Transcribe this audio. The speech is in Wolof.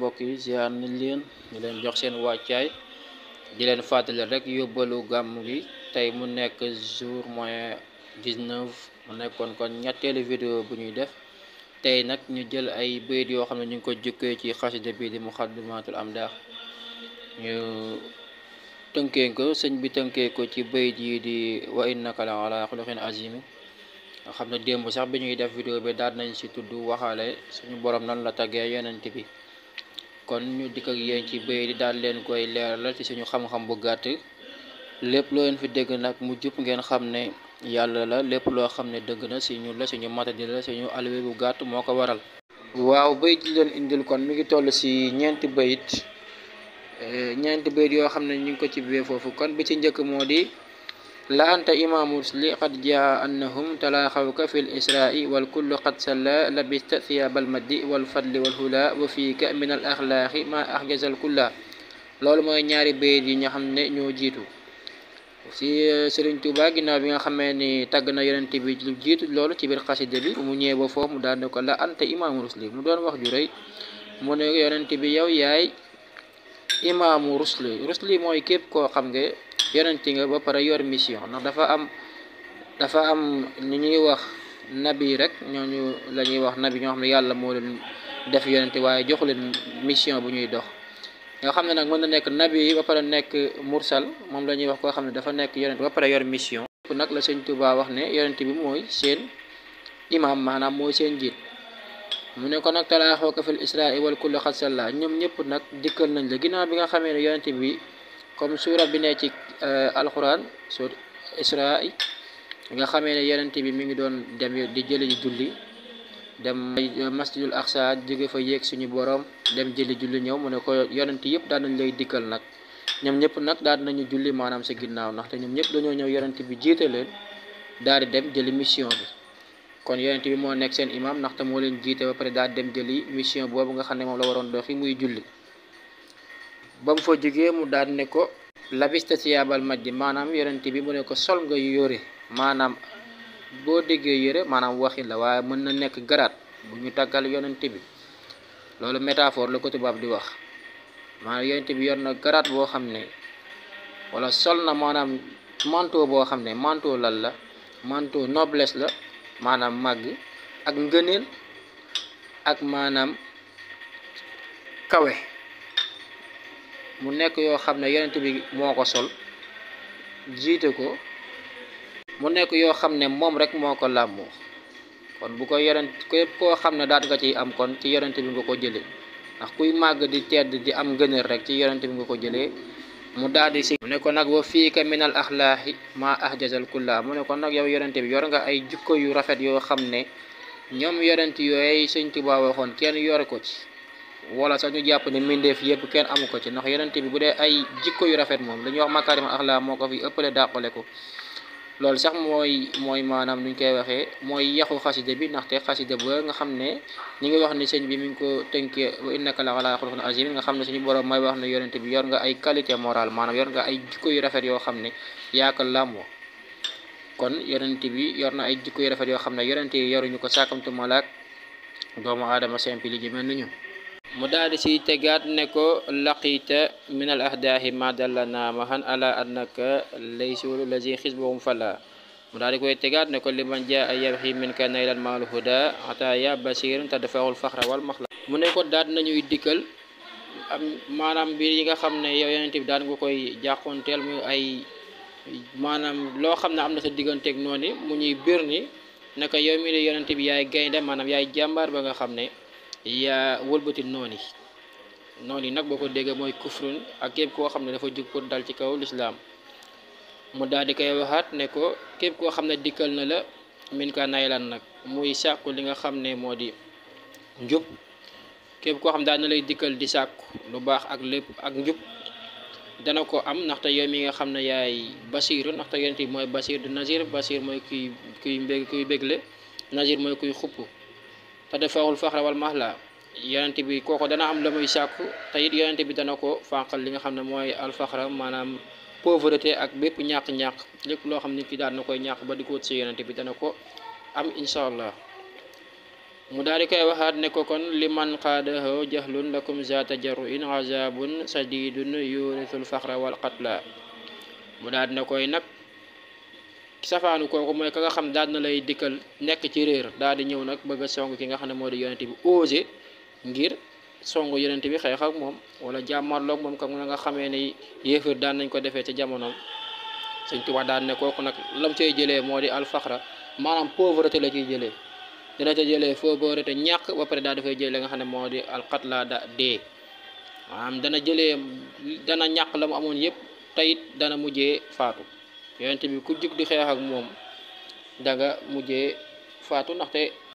mbokk yi ziar nañ leen ñu leen jox seen wàccaay di leen fàttali rek yóbbalu gàmm gi tey mu nekk jour moins 19 mu nekkoon kon ñetteelu vidéo bu ñuy def tey nag ñu jël ay bayit yoo xam ne ñu ngi ko jukkee ci xasida bii di mu muxaddimatul am daax ñu tënkee ko sëñ bi tënkee ko ci bayit yi di wa innaka la ala xuluqin azimi nga xam ne démb sax bi ñuy def vidéo bi daal nañ si tudd waxaale suñu borom nan la taggee yonent bi kon ñu dikk ak ci bëy di daal leen koy leeralal ci suñu xam-xam bu gàtt lépp loo leen fi dégg nag mu jub ngeen xam ne yàlla la lépp loo xam ne dëgg na si ñun ñu suñu matadi la ñu alwe bu gàtt moo ko waral waaw bayit yi leen indil kon mi ngi toll si ñeenti bayit eh, ñeenti bayit yoo xam ne ñu ngi ko ci bee foofu kon bi ci njëkk moo di لأنت إمام مرسل قد جاء أنهم تلاخوك في الإسراء والكل قد سلا لبست ثياب المجد والفضل والهلا وفيك من الأخلاق ما أحجز الكل loolu mooy ñaari bayit yi nga si Sëriñ Tuuba ginnaaw bi nga xamee ni tàgg na yonent bi lu jiitu loolu ci biir xasida bi mu ñëwee ba foofu anta imaamu rusli mu doon wax ju rëy mu ne yonent bi yow yaay imaamu rusli rusli mooy yonent nga ba pare yor mission ndax dafa am dafa am ñu ñuy wax nabi rek ñooñu la ñuy wax nabi ñoo xam ne yàlla moo leen def yonent waaye joxu leen mission bu ñuy dox nga xam ne nag mën na nekk nabi ba pare nekk mursal moom la ñuy wax koo xam ne dafa nekk yonent ba pare yor mission nag la sëñ Tuubaa wax ne yonent bi mooy seen imaam maanaam mooy seen njiit mu ne ko nag talaaxoo ko fil israa wal kulli xasalla ñoom ñëpp nag dikkal nañ la ginnaaw comme suura bi ne ci euh, alquran sur isra nga xamee ne yonent bi mi ngi doon dem di jëli ji julli dem masjidul aqsa jóge fa yéeg suñu borom dem jëli julli ñëw mu ne ko yonent yëpp daan nañ lay dikkal nag ñoom ñëpp nag daan nañu julli maanaam sa ginnaaw ndaxte ñoom ñëpp dañoo ñëw yonent bi jiite leen daal dem jëli mission bi kon yonent bi moo nekk seen imam ndaxte moo leen jiite ba pare daal di dem jëli mission boobu nga xam ne moom la waroon doxi muy julli ba mu fa jógee mu daan ne ko labista siyaabal majji maanaam yonent bi mu ne ko sol nga yore maanaam boo déggee yore maanaam waxi la waaye mën na nekk garaat bu ñu taggal yonent bi loolu métaphore la ko tubaab di wax maanaam yonent bi yor na garaat boo xam ne wala sol na maanaam manteau boo xam ne manteau lal la manteau noblesse la maanaam màgg ak ngëneel ak maanaam kawe mu nekk yoo xam ne yonent bi moo ko sol jiite ko mu nekk yoo xam ne moom rek moo ko làmmoo kon bu ko yonent képp koo xam ne daat nga ciy am kon ci yonent bi nga ko jëlee ndax kuy màgg di tedd di am gënër rek ci yonent bi nga ko jëlee mu daal di si mu ne ko nag wa fiika minal axlaaxi maa ahjazal kulla mu ne ko nag yow yonent bi yor nga ay jikko yu rafet yoo xam ne ñoom yonent yooyu Sëñ Tuubaa waxoon kenn yor ko ci wala sax ñu jàpp ne mbindeef yëpp kenn amu ko ci ndax yonent bi bu dee ay jikko yu rafet moom dañuy wax makarim axlaa moo ko fi ëppale dàqale ko loolu sax mooy mooy maanaam nuñ koy waxee mooy yaxu xasida bi ndaxte xasida ba nga xam ne ñi ngi wax ne sëñ bi mi ngi ko tënkee wa innaka la ala xuluqin nga xam ne suñu borom mooy wax ne yonent bi yor nga ay qualité morale maanaam yor nga ay jikko yu rafet yoo xam ne yaa ko làmboo kon yonent bi yor na ay jikko yu rafet yoo xam ne yonent yi yoruñu ko sàkkamtu malaak doomu aadama simple yi ji mel ni ñu mu daal di siy tegaat ne ko laqiita min al ahdaahi ma dallana mahan ala annaka laysul lazi xisbahum fala mu daal di koy tegaat ne ko liman jaa yabxi min ka naylan maal huda ata ya basirun te dafaxul faxra wal maxla mu ne ko daal nañuy dikkal am maanaam mbir yi nga xam ne yow yonent bi daan nga koy jàqoonteel muy ay maanaam loo xam ne am na sa digganteeg noonu mu ñuy bir ni naka yow mi di yonent bi yaay gaynde maanaam yaay jàmbaar ba nga xam ne yaa wëlbati noon yi noon yi nag boo ko déggee mooy kufrun ak képp koo xam ne dafa jug pour dal ci kaw lislaam mu daal di koy waxaat ne ko képp koo xam ne dikkal na la min nag muy sàkku li nga xam ne moo di njub képp koo xam ne daal na lay dikkal di sàkku lu baax ak lépp ak njub dana ko am ndaxte yow mi nga xam ne yaay basiiru ndaxte yonent bi mooy basiir du nazir basiir mooy kuy kuy mbég kuy bégle nazir mooy kuy xupp tadafaxul faxra wal mahla yonent bi kooko dana am la muy sàkku te it yonent bi dana ko fànqal li nga xam ne mooy alfaxra maanaam pauvreté ak bépp ñàkk-ñàkk lépp loo xam ki ba bi dana ko am incha allah mu daal di koy ne ko kon liman man jahlun lakum zata jaruin azabun sadidun yurisul faxra wal qatla mu daal di safaanu kooku mooy ka nga xam daal na lay dikkal nekk ci réer daal di ñëw nag bëgg a song ki nga xam ne moo di yonente bi osé ngir song yonente bi xeex moom wala jàmmarloog moom kam na nga xamee ne yéefar daan nañ ko defee ca jamonoom Sëñ Tuubaa daan ne kooku nag lam cay jëlee moo di alfaxra maanaam pauvreté la ciy jëlee dina ca jëlee pauvreté ñàkk ba pare daal dafay jëlee nga xam ne moo di alxatla da dee maanaam dana jëlee dana ñàkk la mu amoon yëpp tayit dana mujjee faatu yonent bi ku jug di xeex ak moom da nga mujjee faatu ndaxte